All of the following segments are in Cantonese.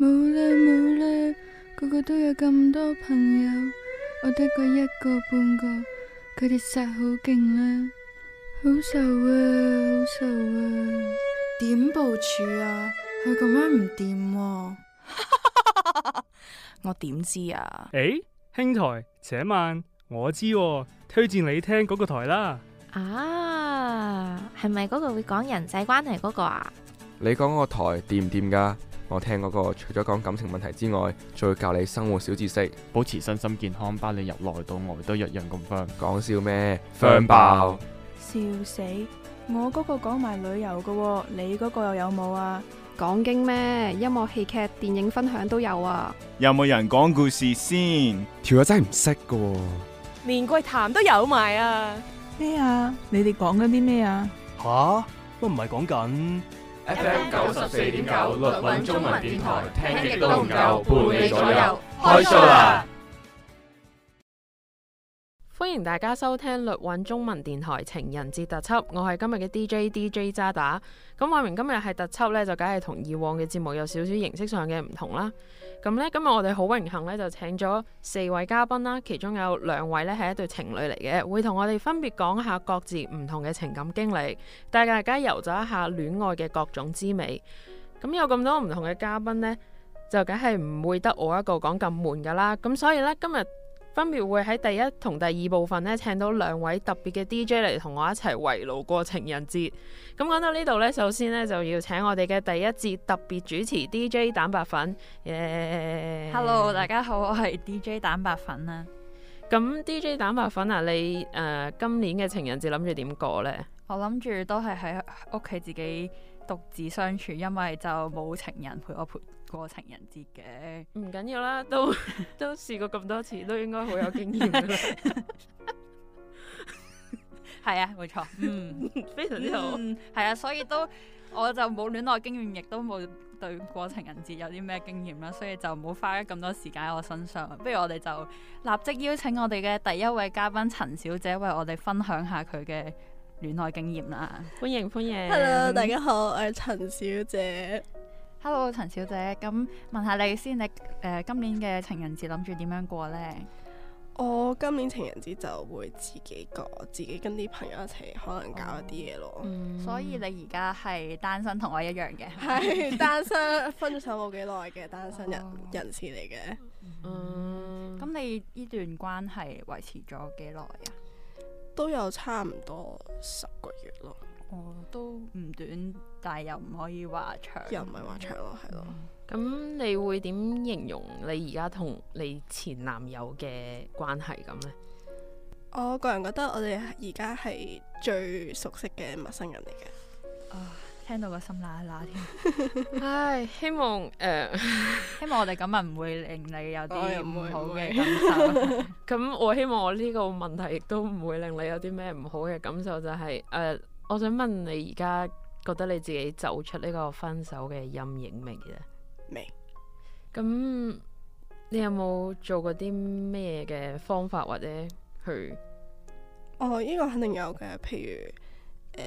冇啦冇啦，個個都有咁多朋友，我得個一個半個，佢哋實好勁啦，好愁啊好愁啊，點、啊、部署啊？佢咁樣唔掂，我點知啊？誒、 啊哎，兄台，請問，我知、啊，推薦你聽嗰個台啦。啊，係咪嗰個會講人際關係嗰個啊？你講個台掂唔掂噶？行我聽嗰個除咗講感情問題之外，再教你生活小知識，保持身心健康，包你入內到外都一樣咁 fun。講笑咩？fun 爆！笑死！我嗰個講埋旅遊噶，你嗰個又有冇啊？講經咩？音樂、戲劇、電影分享都有啊。有冇人講故事先？條友仔唔識噶。連鬼談都有埋啊？咩啊？你哋講緊啲咩啊？吓？都唔係講緊。FM 九十四點九綠韻中文電台，聽極都唔夠，半里左右開 show 啦！歡迎大家收聽律韻中文電台情人節特輯，我係今日嘅 DJ DJ 渣打。咁話明今日係特輯呢，就梗係同以往嘅節目有少少形式上嘅唔同啦。咁咧，今日我哋好榮幸咧，就請咗四位嘉賓啦，其中有兩位咧係一對情侶嚟嘅，會同我哋分別講下各自唔同嘅情感經歷，帶大家遊走一下戀愛嘅各種滋味。咁有咁多唔同嘅嘉賓呢，就梗係唔會得我一個講咁悶㗎啦。咁所以呢，今日。分別會喺第一同第二部分咧請到兩位特別嘅 DJ 嚟同我一齊圍爐過情人節。咁講到呢度咧，首先咧就要請我哋嘅第一節特別主持 DJ 蛋白粉。Yeah! Hello，大家好，我係 DJ 蛋白粉啊。咁 DJ 蛋白粉啊，你誒、呃、今年嘅情人節諗住點過呢？我諗住都係喺屋企自己獨自相處，因為就冇情人陪我陪。過情人節嘅，唔緊要啦，都 都試過咁多次，都應該好有經驗啦。係啊，冇錯，嗯，非常之好。嗯，係啊，所以都我就冇戀愛經驗，亦都冇對過情人節有啲咩經驗啦，所以就冇花咁多時間喺我身上。不如我哋就立即邀請我哋嘅第一位嘉賓陳小姐，為我哋分享下佢嘅戀愛經驗啦。歡迎歡迎，Hello，大家好，我係陳小姐。hello，陳小姐，咁問下你先，你誒、呃、今年嘅情人節諗住點樣過呢？我今年情人節就會自己過，自己跟啲朋友一齊，可能搞一啲嘢咯。Oh. Mm. 所以你而家係單身，同我一樣嘅，係單身，分手冇幾耐嘅單身人、oh. 人士嚟嘅。Mm. 嗯，咁你呢段關係維持咗幾耐啊？都有差唔多十個月咯。哦，都唔短，但係又唔可以話長，又唔係話長咯，係咯。咁、嗯、你會點形容你而家同你前男友嘅關係咁呢？我個人覺得我哋而家係最熟悉嘅陌生人嚟嘅。啊、哦，聽到個心拉拉添。 唉，希望誒，呃、希望我哋咁問唔會令你有啲唔好嘅感受。咁 我希望我呢個問題亦都唔會令你有啲咩唔好嘅感受，就係、是、誒。呃我想問你而家覺得你自己走出呢個分手嘅陰影未咧？未沒。咁你有冇做過啲咩嘅方法或者去？哦，呢、這個肯定有嘅，譬如誒、呃、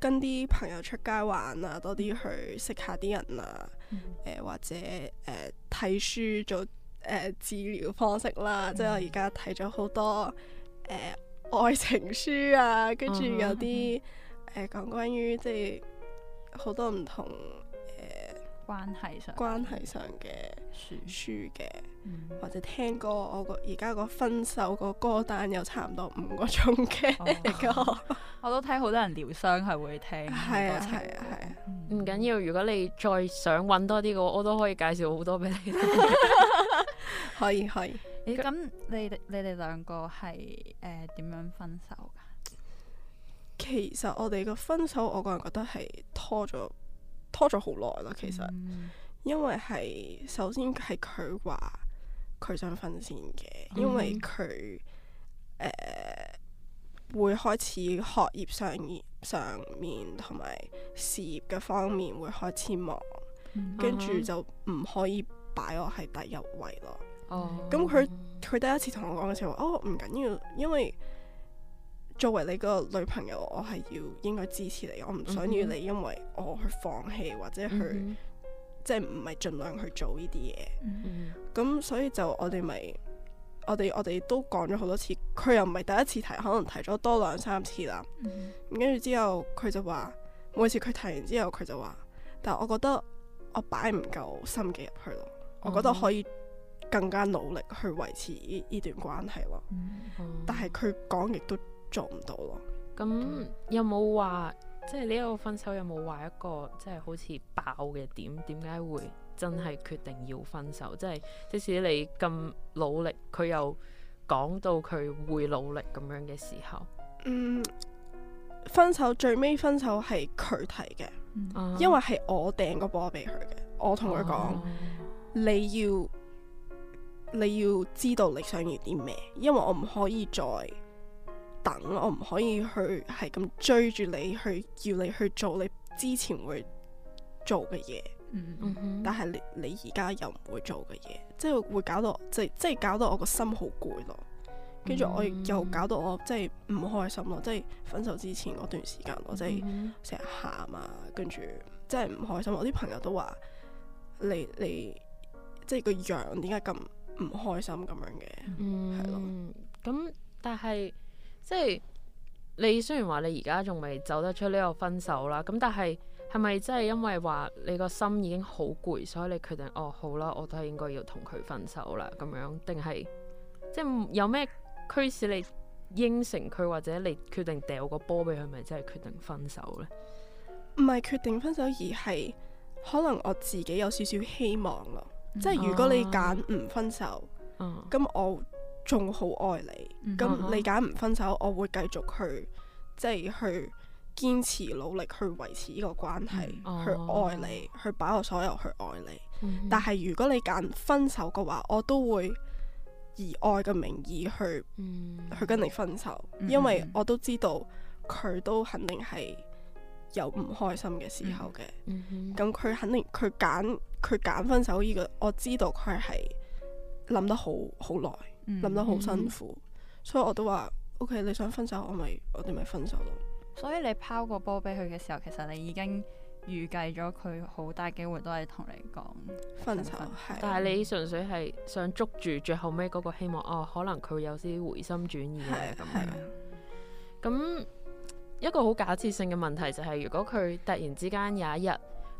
跟啲朋友出街玩啊，多啲去識下啲人啊、嗯呃，或者誒睇、呃、書做誒、呃、治療方式啦，嗯、即係我而家睇咗好多誒。呃愛情書啊，跟住有啲誒講關於即係好多唔同誒、呃、關係上關係上嘅書書嘅，或者聽歌，我個而家個分手個歌單有差唔多五個鐘嘅、oh, wow. 歌，我都聽好多人療傷係會聽，係啊係啊係啊，唔緊、啊啊嗯、要，要，如果你再想揾多啲嘅，我都可以介紹好多俾你 可，可以可以。誒，咁你哋你哋兩個係誒點樣分手噶？其實我哋個分手，我個人覺得係拖咗拖咗好耐啦。其實，嗯、因為係首先係佢話佢想分先嘅，嗯、因為佢誒、呃、會開始學業上上面同埋事業嘅方面會開始忙，跟住、嗯啊、就唔可以擺我係第一位咯。咁佢佢第一次同我講嘅時候，mm hmm. 哦，唔緊要，因為作為你個女朋友，我係要應該支持你，我唔想要你、mm hmm. 因為我去放棄或者去、mm hmm. 即係唔係盡量去做呢啲嘢。咁、mm hmm. 所以就我哋咪我哋我哋都講咗好多次，佢又唔係第一次提，可能提咗多兩三次啦。咁跟住之後，佢就話每次佢提完之後，佢就話，但係我覺得我擺唔夠心機入去咯，我覺得可以、mm。Hmm. 更加努力去維持呢段關係咯，嗯嗯，但係佢講亦都做唔到咯。咁、嗯、有冇話即係呢一個分手有冇話一個即係、就是、好似爆嘅點？點解會真係決定要分手？即、就、係、是、即使你咁努力，佢又講到佢會努力咁樣嘅時候，嗯，分手最尾分手係佢提嘅，嗯，因為係我掟個波俾佢嘅，嗯、我同佢講你要。你要知道你想要啲咩，因為我唔可以再等，我唔可以去係咁追住你去叫你去做你之前會做嘅嘢，mm hmm. 但係你你而家又唔會做嘅嘢，即係會搞到即即係搞到我個心好攰咯。跟住、mm hmm. 我又搞到我即係唔開心咯。即係分手之前嗰段時間，mm hmm. 我即係成日喊啊，跟住即係唔開心。我啲朋友都話你你即係個樣點解咁？唔開心咁樣嘅，嗯，係咯。咁但係即係你雖然話你而家仲未走得出呢個分手啦，咁但係係咪真係因為話你個心已經好攰，所以你決定哦好啦，我都係應該要同佢分手啦咁樣，定係即係有咩驅使你應承佢，或者你決定掉個波俾佢，咪真係決定分手呢？唔係決定分手，而係可能我自己有少少希望咯。即係如果你揀唔分手，咁、oh. 我仲好愛你，咁、oh. 你揀唔分手，我會繼續去，即係去堅持努力去維持呢個關係，oh. 去愛你，去擺我所有去愛你。Oh. 但係如果你揀分手嘅話，我都會以愛嘅名義去，oh. 去跟你分手，oh. 因為我都知道佢都肯定係。有唔開心嘅時候嘅，咁佢、嗯嗯、肯定佢揀佢揀分手呢、這個，我知道佢係諗得好好耐，諗、嗯、得好辛苦，嗯、所以我都話，OK，你想分手，我咪我哋咪分手咯。所以你拋個波俾佢嘅時候，其實你已經預計咗佢好大機會都係同你講分、分手，係。但係你純粹係想捉住最後尾嗰個希望，哦，可能佢有啲回心轉意嘅咁樣。咁。的一個好假設性嘅問題就係、是，如果佢突然之間有一日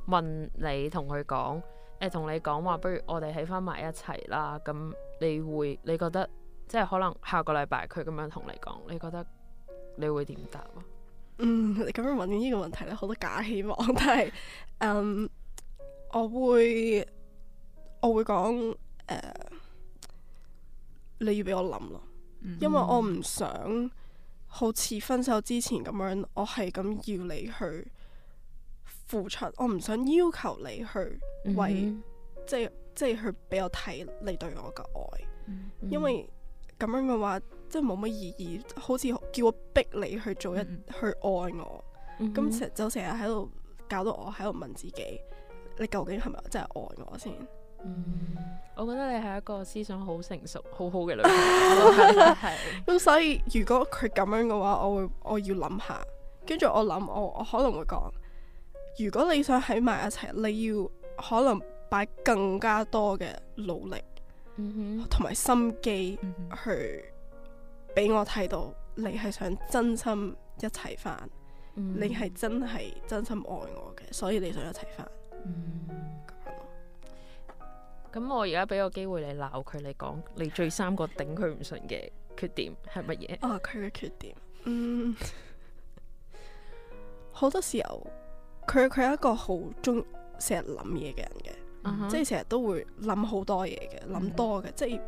問你，同佢講，誒、欸，同你講話，不如我哋喺翻埋一齊啦，咁你會你覺得，即係可能下個禮拜佢咁樣同你講，你覺得你會點答？嗯，你咁樣問完呢個問題咧，好多假希望，但係、嗯，我會我會講，誒、呃，你要俾我諗咯，嗯、因為我唔想。好似分手之前咁樣，我係咁要你去付出，我唔想要求你去為、mm hmm. 即係即係去俾我睇你對我嘅愛，mm hmm. 因為咁樣嘅話即係冇乜意義，好似叫我逼你去做一、mm hmm. 去愛我，咁成、mm hmm. 就成日喺度搞到我喺度問自己，你究竟係咪真係愛我先？嗯，我覺得你係一個思想好成熟、好好嘅女，咁所以如果佢咁樣嘅話，我會我要諗下，跟住我諗我我可能會講，如果你想喺埋一齊，你要可能擺更加多嘅努力，同埋、mm hmm. 心機去俾我睇到你係想真心一齊翻，mm hmm. 你係真係真心愛我嘅，所以你想一齊翻。Mm hmm. 咁我而家俾個機會你鬧佢，你講你最三個頂佢唔順嘅缺點係乜嘢？ 哦，佢嘅缺點，嗯，好 多時候佢佢係一個好鍾成日諗嘢嘅人嘅，嗯、哼即係成日都會諗好多嘢嘅，諗多嘅，嗯、即係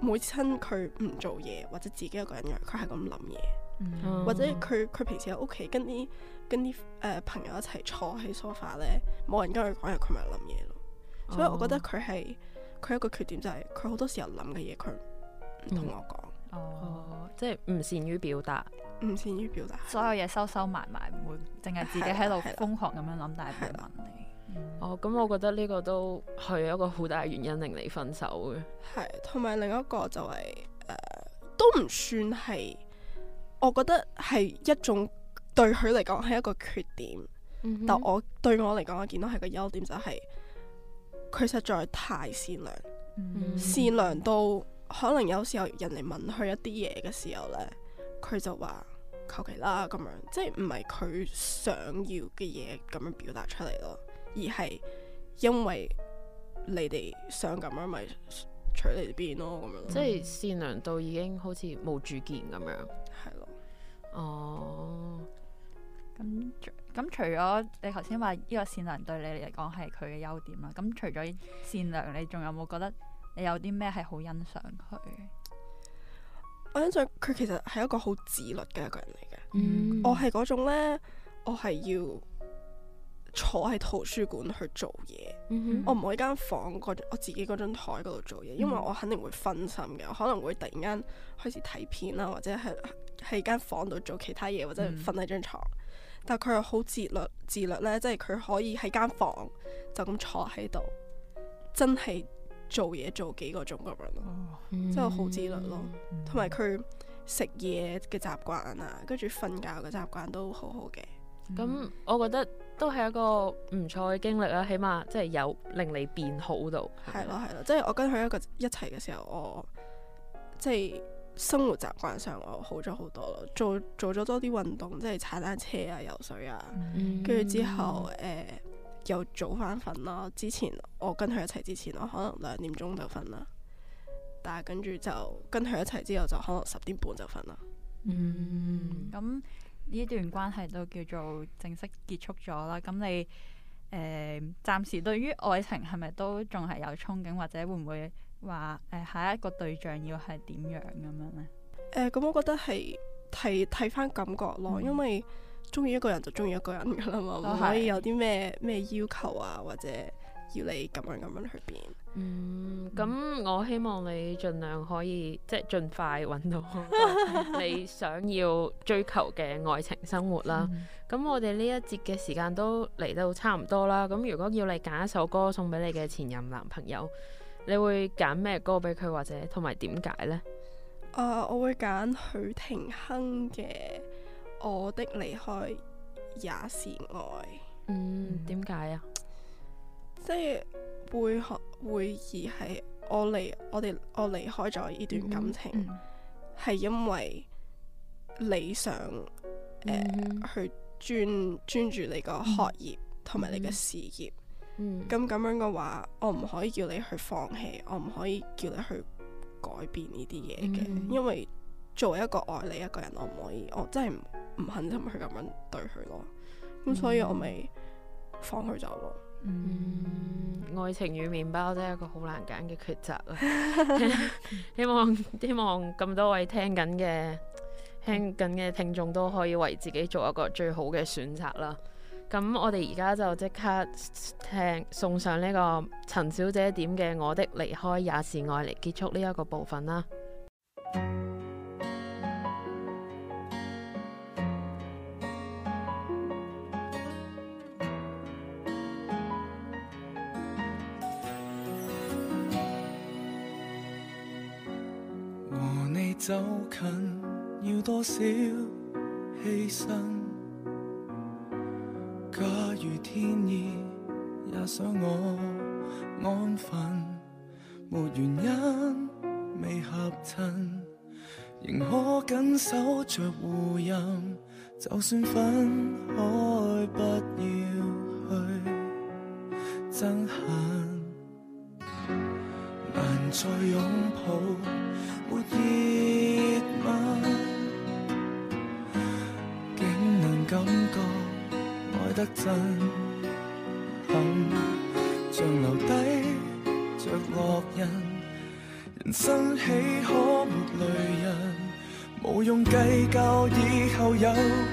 每親佢唔做嘢或者自己一個人嘅，佢係咁諗嘢，嗯、或者佢佢平時喺屋企跟啲跟啲誒、呃、朋友一齊坐喺 sofa 咧，冇人跟佢講嘢，佢咪諗嘢咯。所以我覺得佢係佢一個缺點，就係佢好多時候諗嘅嘢，佢唔同我講，哦、oh. 嗯，即係唔善於表達，唔善於表達，所有嘢收收埋埋，唔對會淨係自己喺度瘋狂咁樣諗，大係唔問你。哦，咁、嗯 oh, 我覺得呢個都係一個好大嘅原因令你分手嘅。係，同埋另一個就係、是、誒、呃，都唔算係，我覺得係一種對佢嚟講係一個缺點，嗯、哼但我對我嚟講，我見到係個優點、就是，就係。佢實在太善良，嗯、善良到可能有時候人哋問佢一啲嘢嘅時候呢，佢就話求其啦咁樣，即係唔係佢想要嘅嘢咁樣表達出嚟咯，而係因為你哋想咁樣咪、就是、取你哋邊咯咁樣。即係善良到已經好似冇主見咁樣，係、嗯、咯。哦，oh. 咁除咗你頭先話呢個善良對你嚟講係佢嘅優點啦，咁除咗善良，你仲有冇覺得你有啲咩係好欣賞佢？我欣賞佢其實係一個好自律嘅一個人嚟嘅、嗯。我係嗰種咧，我係要坐喺圖書館去做嘢。嗯、哼我唔喺間房嗰，我自己嗰張台嗰度做嘢，因為我肯定會分心嘅。我可能會突然間開始睇片啦，或者係喺間房度做其他嘢，或者瞓喺張床。嗯但佢又好自律，自律咧，即係佢可以喺間房就咁坐喺度，真係做嘢做幾個鐘咁樣咯，哦、真係、嗯嗯、好自律咯。同埋佢食嘢嘅習慣啊，跟住瞓覺嘅習慣都好好嘅。咁我覺得都係一個唔錯嘅經歷啦，起碼即係有令你變好到。係咯係咯，即係我跟佢一個一齊嘅時候，我即係。生活習慣上我好咗好多咯，做做咗多啲運動，即係踩單車啊、游水啊，跟住、嗯、之後誒、呃、又早翻瞓啦。之前我跟佢一齊之前，我可能兩點鐘就瞓啦，但係跟住就跟佢一齊之後，就可能十點半就瞓啦。嗯，咁呢、嗯、段關係都叫做正式結束咗啦。咁你誒、呃、暫時對於愛情係咪都仲係有憧憬，或者會唔會？話誒、呃，下一個對象要係點樣咁樣呢？誒、呃，咁我覺得係睇睇翻感覺咯，嗯、因為中意一個人就中意一個人噶啦嘛，唔是可以有啲咩咩要求啊，或者要你咁樣咁樣去變。嗯，咁我希望你盡量可以即係盡快揾到 你想要追求嘅愛情生活啦。咁、嗯、我哋呢一節嘅時間都嚟到差唔多啦。咁如果要你揀一首歌送俾你嘅前任男朋友？你會揀咩歌俾佢，或者同埋點解呢、啊？我會揀許廷鏗嘅《我的離開也是愛》。嗯，點解啊？即係會學會而係我離我哋我離開咗呢段感情，係、嗯嗯、因為你想、呃嗯、去專專注你個學業同埋你嘅事業。嗯嗯咁咁、嗯、樣嘅話，我唔可以叫你去放棄，我唔可以叫你去改變呢啲嘢嘅。嗯嗯，因為作為一個愛你一個人，我唔可以，我真係唔唔肯同佢咁樣對佢咯。咁、嗯、所以我咪放佢走咯。嗯，愛情與麵包真係一個好難揀嘅抉擇啊！ 希望希望咁多位聽緊嘅聽緊嘅聽眾都可以為自己做一個最好嘅選擇啦。咁我哋而家就即刻聽送上呢個陳小姐點嘅《我的離開也是愛》嚟結束呢一個部分啦。和你走近，要多少犧牲？假如天意也想我安分，沒原因未合襯，仍可緊守着互信。就算分開，不要去憎恨，難再擁抱，沒意。得震撼，像留低着烙印。人生豈可沒淚印？無用計較，以後有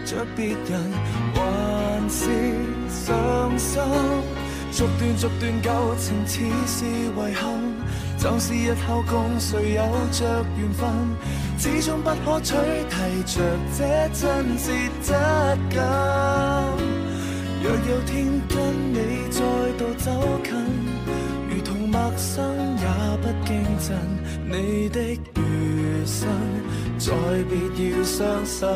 着別人，還是傷心。逐段逐段舊情，似是遺憾。就是日後共誰有着緣分，始終不可取替着這真摯質感。若有天跟你再度走近，如同陌生也不驚震。你的餘生，再別要傷心。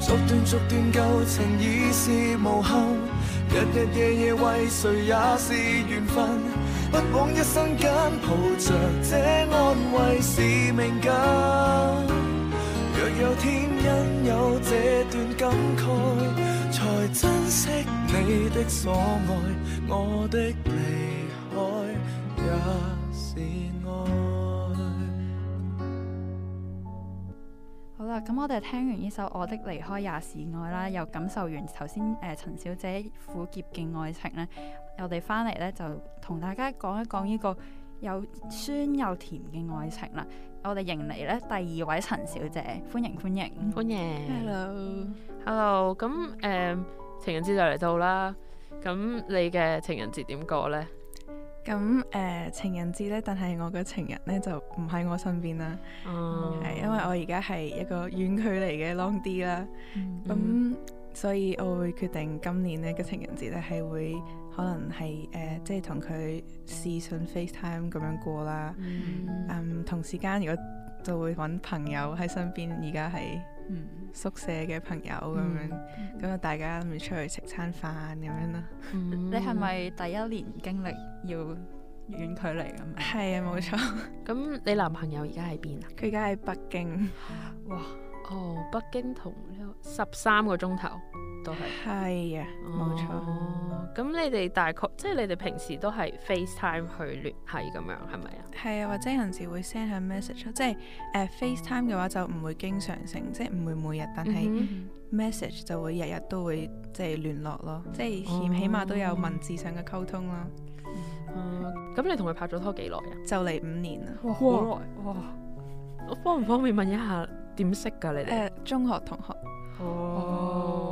逐段逐段舊情已是無憾，日日夜夜為誰也是緣份，不枉一生間抱着這安慰是命根。若有天因有這段感慨，才珍惜你的所愛。我的離開也是愛。好啦，咁我哋聽完呢首《我的離開也是愛》啦，又感受完頭先誒陳小姐苦澀嘅愛情呢，我哋翻嚟呢，就同大家講一講呢個。又酸又甜嘅愛情啦，我哋迎嚟咧第二位陳小姐，歡迎歡迎，歡迎。Hello，hello，咁誒情人節就嚟到啦，咁你嘅情人節點過呢？咁誒、呃、情人節呢，但係我嘅情人呢，就唔喺我身邊啦，係、嗯、因為我而家係一個遠距離嘅 long D 啦，咁所以我會決定今年咧嘅情人節咧係會。可能係誒、呃，即係同佢視訊 FaceTime 咁樣過啦。嗯、嗯，同時間如果就會揾朋友喺身邊，而家喺宿舍嘅朋友咁樣，咁啊、嗯嗯、大家咪出去食餐飯咁樣啦。嗯、 你係咪第一年經歷要遠距離咁 啊？係啊，冇錯。 咁你男朋友而家喺邊啊？佢而家喺北京。哇！哦，北京同十三個鐘頭。都係，係啊，冇錯。咁你哋大概即係你哋平時都係 FaceTime 去聯繫咁樣，係咪啊？係啊，或者有時會 send 下 message。即係誒，FaceTime 嘅話就唔會經常性，即係唔會每日，但係 message 就會日日都會即係聯絡咯。即係起起碼都有文字上嘅溝通啦。咁你同佢拍咗拖幾耐啊？就嚟五年啊。哇，好耐哇！我方唔方便問一下點識㗎你哋？誒，中學同學。哦。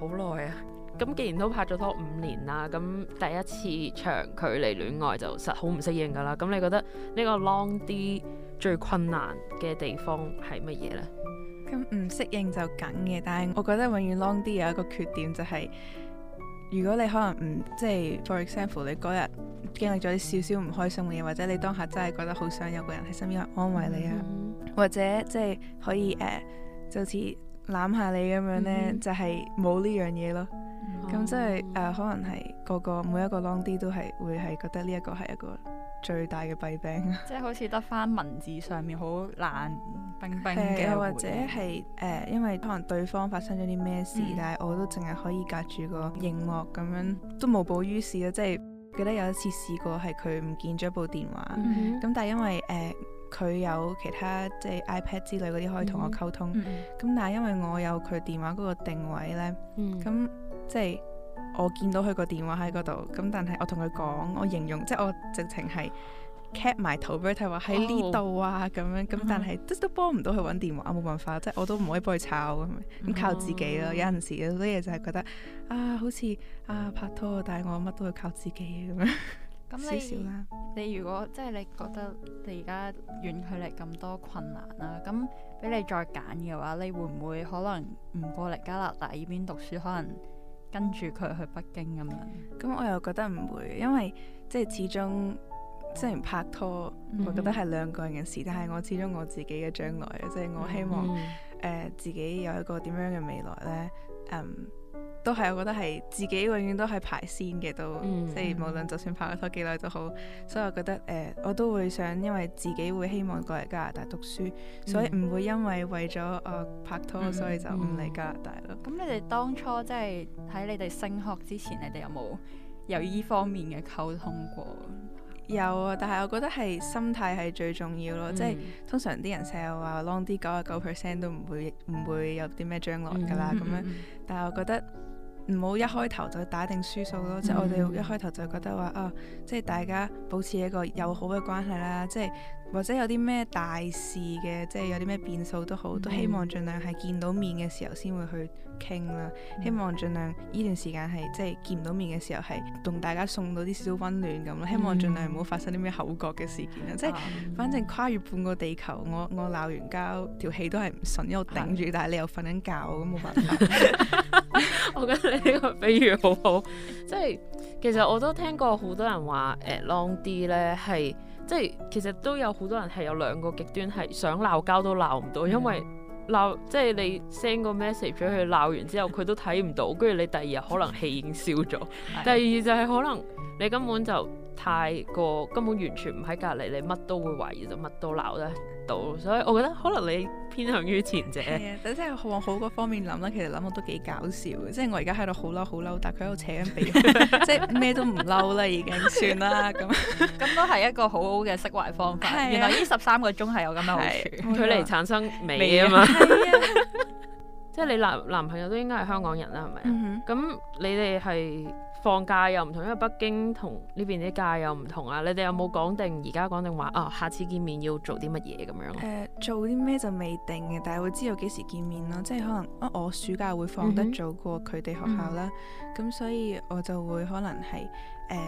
好耐啊！咁既然都拍咗拖五年啦，啊，咁第一次長距離戀愛就實好唔適應噶啦。咁你覺得呢個 long D 最困難嘅地方係乜嘢呢？咁唔適應就梗嘅，但係我覺得永遠 long D 有一個缺點就係、是，如果你可能唔即係，for example，你嗰日經歷咗啲少少唔開心嘅嘢，或者你當下真係覺得好想有個人喺身邊安慰你啊，mm hmm. 或者即係、就是、可以誒，uh, 就似。攬下你咁樣呢，嗯、哼就係冇呢樣嘢咯。咁即係誒，可能係個個每一個 long 啲都係會係覺得呢一個係一個最大嘅弊病。即係好似得翻文字上面好冷 冰冰嘅回應，或者係誒、呃，因為可能對方發生咗啲咩事，嗯、但係我都淨係可以隔住個熒幕咁樣都無補於事咯。即、就、係、是、記得有一次試過係佢唔見咗部電話，咁、嗯、哼但係因為誒。呃佢有其他即係 iPad 之類嗰啲可以同我溝通，咁、mm hmm. 但係因為我有佢電話嗰個定位咧，咁、mm hmm. 即係我見到佢個電話喺嗰度，咁但係我同佢講，我形容即係我直情係 cap 埋圖俾佢睇，話喺呢度啊咁、oh. 樣，咁但係都都幫唔到佢揾電話，冇辦法，uh huh. 即係我都唔可以幫佢抄咁，咁靠自己咯。有陣時咧，啲嘢就係覺得、oh. 啊，好似啊拍拖，但係我乜都係靠自己咁樣。咁你你如果即係你覺得你而家遠距離咁多困難啦、啊，咁俾你再揀嘅話，你會唔會可能唔過嚟加拿大依邊讀書，可能跟住佢去北京咁樣？咁、嗯、我又覺得唔會，因為即係始終雖然拍拖，我覺得係兩個人嘅事，嗯、哼但係我始終我自己嘅將來，即係我希望誒、嗯哼呃、自己有一個點樣嘅未來咧，嗯、um,。都係，我覺得係自己永遠都係排先嘅，都、嗯、即係無論就算拍咗拖幾耐都好。嗯、所以我覺得誒、呃，我都會想，因為自己會希望過嚟加拿大讀書，嗯、所以唔會因為為咗誒拍拖，嗯、所以就唔嚟加拿大咯。咁、嗯嗯、你哋當初即係喺你哋升學之前，你哋有冇有依方面嘅溝通過？有啊，但係我覺得係心態係最重要咯。即係、嗯、通常啲人成日話 long 啲九啊九 percent 都唔會唔會有啲咩將來㗎啦咁樣，嗯嗯、但係我覺得。唔好一開頭就打定輸數咯，嗯、哼即係我哋一開頭就覺得話啊、哦，即係大家保持一個友好嘅關係啦，即係。或者有啲咩大事嘅，即係有啲咩變數都好，都希望盡量係見到面嘅時候先會去傾啦。嗯嗯，希望盡量呢段時間係即係見唔到面嘅時候，係同大家送到啲少少溫暖咁咯。希望盡量唔好發生啲咩口角嘅事件啦。嗯嗯嗯嗯，即係反正跨越半個地球，我我鬧完交條氣都係唔順，因為我頂住，嗯嗯，但係你又瞓緊覺咁冇辦法。 我覺得呢個比喻好好 。即係其實我都聽過好多人話誒 long 啲咧係。即係其實都有好多人係有兩個極端係想鬧交都鬧唔到，因為鬧即係你 send 個 message 俾佢鬧完之後佢都睇唔到，跟住 你第二日可能氣已經消咗。 第二就係可能你根本就太過根本完全唔喺隔籬，你乜都會懷疑就乜都鬧咧。所以，我覺得可能你偏向於前者。啊、即係往好嗰方面諗啦。其實諗我都幾搞笑嘅。即係我而家喺度好嬲，好嬲，但係佢喺度扯緊鼻， 即係咩都唔嬲啦，已經算啦。咁咁、 嗯、都係一個好好嘅釋懷方法。啊、原來呢十三個鐘係有咁嘅好處，距離、啊、說產生美啊嘛。 即係你男男朋友都應該係香港人啦，係咪啊？咁、嗯、哼你哋係放假又唔同，因為北京同呢邊啲假又唔同啊。你哋有冇講定而家講定話啊？下次見面要做啲乜嘢咁樣？誒、呃，做啲咩就未定嘅，但係會知道幾時見面咯。即係可能啊，我暑假會放得早過佢哋學校啦，咁、嗯嗯、所以我就會可能係誒、呃、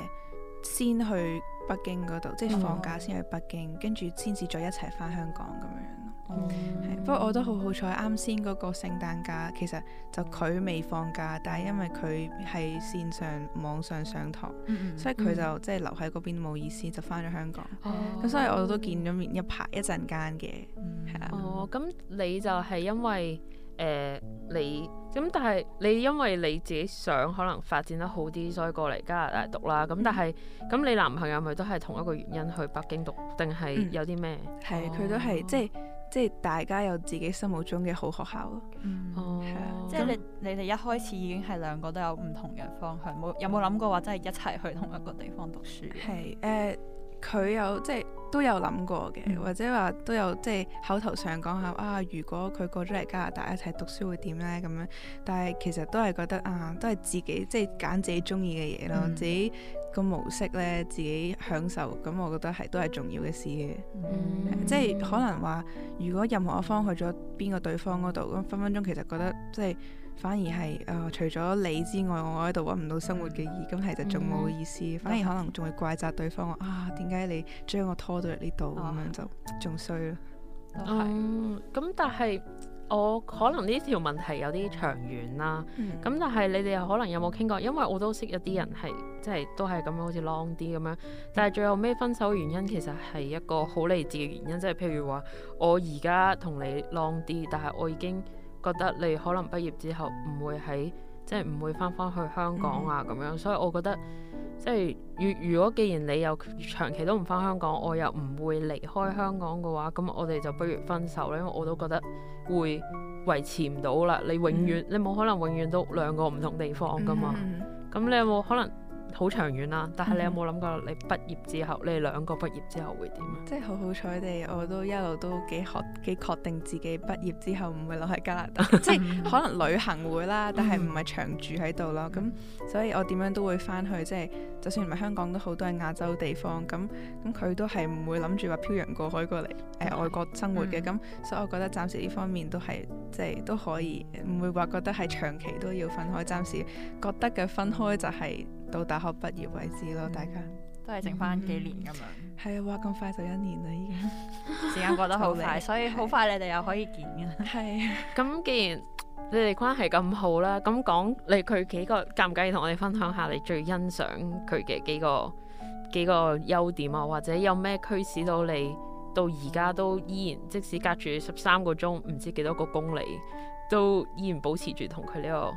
先去北京嗰度，即係放假先去北京，跟住先至再一齊翻香港咁樣。Mm hmm. 不過我都好好彩，啱先嗰個聖誕假，其實就佢未放假，但係因為佢係線上網上上堂，mm hmm. 所以佢就即係、就是、留喺嗰邊冇意思，就返咗香港。咁、oh. 所以我都見咗面一排一陣間嘅，係、mm hmm. 啊。哦，咁你就係因為誒、呃、你咁，但係你因為你自己想可能發展得好啲，所以過嚟加拿大讀啦。咁但係咁、mm hmm. 你男朋友咪都係同一個原因去北京讀，定係有啲咩？係佢都係即係。Hmm. 即係大家有自己心目中嘅好學校咯、嗯，哦，Yeah. 即係你你哋一開始已經係兩個都有唔同嘅方向，冇有冇諗過話真係一齊去同一個地方讀書？係誒、嗯，佢、呃、有即係都有諗過嘅，或者話都有即係口頭上講下啊，如果佢過咗嚟加拿大一齊讀書會點咧，咁樣，但係其實都係覺得啊、呃，都係自己即係揀自己中意嘅嘢咯，自己。個模式咧，自己享受咁，我覺得係都係重要嘅事嘅、mm hmm. 啊。即係可能話，如果任何一方去咗邊個對方嗰度，咁分分鐘其實覺得，即係反而係啊、呃，除咗你之外，我喺度揾唔到生活嘅意義，咁其實仲冇意思，mm hmm. 反而可能仲會怪責對方啊，點解你將我拖到嚟呢度咁樣就仲衰咯。都係、um, 係。咁但係。我可能呢條問題有啲長遠啦、啊，咁、嗯、但係你哋又可能有冇傾過？因為我都識一啲人係即係都係咁樣好似 long 啲咁樣，但係最後尾分手原因其實係一個好理智嘅原因，即、就、係、是、譬如話我而家同你 long 啲，但係我已經覺得你可能畢業之後唔會喺即係唔會翻返去香港啊咁、嗯、樣，所以我覺得。即係如如果既然你又長期都唔翻香港，我又唔會離開香港嘅話，咁我哋就不如分手啦，因為我都覺得會維持唔到啦。你永遠、嗯、你冇可能永遠都兩個唔同地方噶嘛。咁、嗯嗯、你有冇可能？好長遠啦、啊，但係你有冇諗過你畢業之後，嗯、你哋兩個畢業之後會點啊？即係好好彩地，我都一路都幾確幾確定自己畢業之後唔會留喺加拿大， 即係可能旅行會啦，但係唔係長住喺度咯。咁所以我點樣都會返去，即、就、係、是、就算唔係香港都好，都係亞洲地方。咁咁佢都係唔會諗住話漂洋過海過嚟誒、呃、的外國生活嘅。咁、嗯、所以我覺得暫時呢方面都係即係都可以，唔會話覺得係長期都要分開。暫時覺得嘅分開就係、是。到大學畢業為止咯，大家、嗯、都係剩翻幾年咁樣。係啊、嗯，哇！咁快就一年啦，已經 時間過得好快，美所以好快是你哋又可以見嘅。係啊是，咁 既然你哋關係咁好啦，咁講你佢幾個，介唔介意同我哋分享下你最欣賞佢嘅幾個幾個優點啊？或者有咩驅使到你到而家都依然，即使隔住十三個鐘，唔知幾多個公里，都依然保持住同佢呢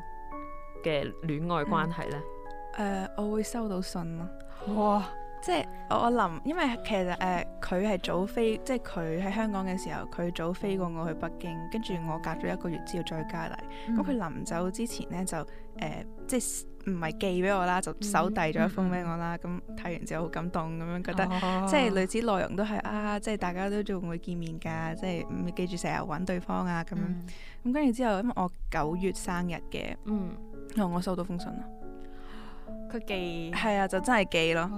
個嘅戀愛關係咧？嗯誒，uh, 我會收到信咯。哇、oh.！即係我諗，因為其實誒，佢、呃、係早飛，即係佢喺香港嘅時候，佢早飛過我去北京，跟住我隔咗一個月之後再加嚟。咁佢、mm hmm. 臨走之前呢，就誒、呃，即係唔係寄俾我啦，就手遞咗一封俾我啦。咁睇、mm hmm. 完之後好感動咁樣，覺得、oh. 即係類似內容都係啊，即係大家都仲會見面㗎，即係記住成日揾對方啊咁樣。咁跟住之後，因為我九月生日嘅，嗯、mm，我、hmm. 哦、我收到封信咯。佢寄係啊，就真係寄咯。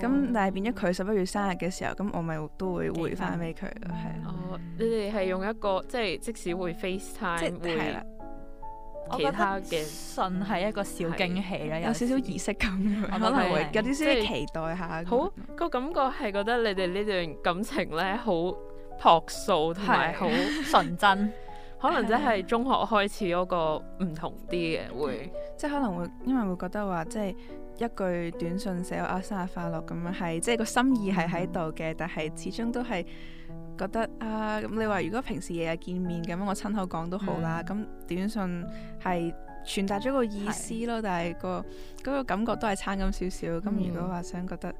咁但係變咗佢十一月生日嘅時候，咁我咪都會回翻俾佢。係。哦，你哋係用一個即係即使會 FaceTime，即係其他嘅信係一個小驚喜咧，有少少儀式感，可能會有啲少少期待下。好，個感覺係覺得你哋呢段感情咧好樸素同埋好純真，可能即係中學開始嗰個唔同啲嘅會，即係可能會因為會覺得話即係。一句短信寫我啊生日快樂。咁樣係，即係個心意係喺度嘅，但係始終都係覺得啊，咁你話如果平時日日見面咁，我親口講都好啦，咁、嗯、短信係。傳達咗個意思咯，是但係、個嗰、個、感覺都係差咁少少。咁、嗯、如果話想覺得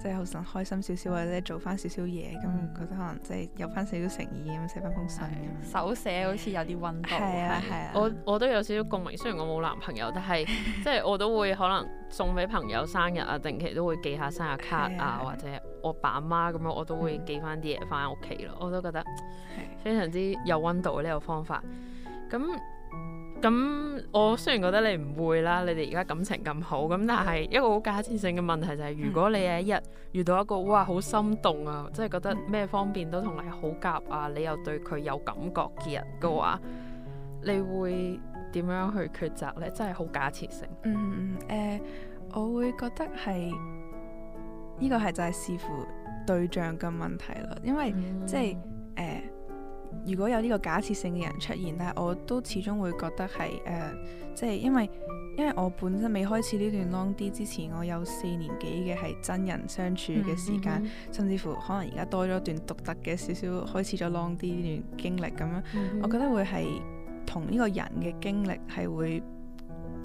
即係好想開心少少，或者做翻少少嘢，咁、嗯、覺得可能即係有翻少少誠意咁寫翻封信，手寫好似有啲溫度。係啊係啊，啊我我都有少少共鳴。雖然我冇男朋友，但係即係我都會可能送俾朋友生日啊，定期都會寄下生日卡啊，或者我爸阿媽咁樣，我都會寄翻啲嘢翻屋企咯。我都覺得非常之有溫度呢個方法。咁咁我雖然覺得你唔會啦，你哋而家感情咁好，咁但係一個好假設性嘅問題就係，如果你有一日遇到一個哇好心動啊，即係覺得咩方面都同你好夾啊，你又對佢有感覺嘅人嘅話，嗯、你會點樣去抉擇呢？真係好假設性。嗯嗯嗯，誒、呃，我會覺得係呢個係就係視乎對象嘅問題啦，因為、嗯、即係。如果有呢個假設性嘅人出現，但我都始終會覺得係誒、呃，即係因為因為我本身未開始呢段 long 啲之前，我有四年幾嘅係真人相處嘅時間，mm hmm. 甚至乎可能而家多咗段獨特嘅少少開始咗 long 啲呢段經歷咁樣，mm hmm. 我覺得會係同呢個人嘅經歷係會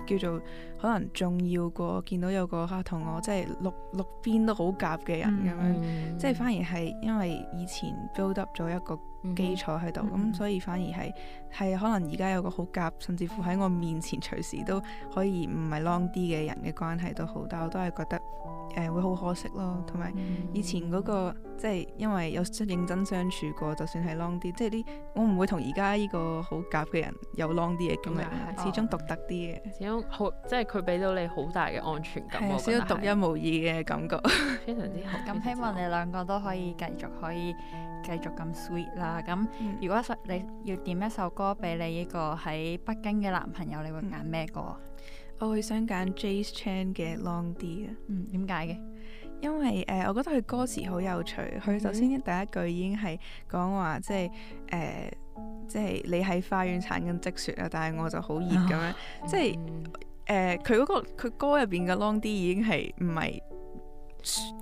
叫做。可能重要過見到有個嚇同、啊、我即係六六邊都好夾嘅人咁樣，嗯、即係反而係因為以前 build up 咗一個基礎喺度，咁、嗯、哼所以反而係係、嗯、哼可能而家有個好夾，甚至乎喺我面前隨時都可以唔係 long 啲嘅人嘅關係都好，但我都係覺得誒、呃、會好可惜咯。同埋以前嗰、那個、嗯、哼即係因為有真認真相處過，就算係 long 啲，即係啲我唔會同而家呢個好夾嘅人有 long 啲嘅咁樣，嗯、哼始終獨特啲嘅，始終好即係。佢俾到你好大嘅安全感，對我少有獨一無二嘅感覺，非常之好。咁 希望你兩個都可以繼續可以繼續咁 sweet 啦。咁、嗯、如果你要點一首歌俾你呢個喺北京嘅男朋友，你會揀咩歌、嗯？我會想揀 Jace Chan 嘅《Long D》啊。嗯，點解嘅？因為誒、呃，我覺得佢歌詞好有趣。佢首先第一句已經係講話，即係誒、呃，即係你喺花園剷緊積雪啊，但係我就好熱咁樣，哦嗯、即係。誒佢嗰個佢歌入邊嘅 long D 已經係唔係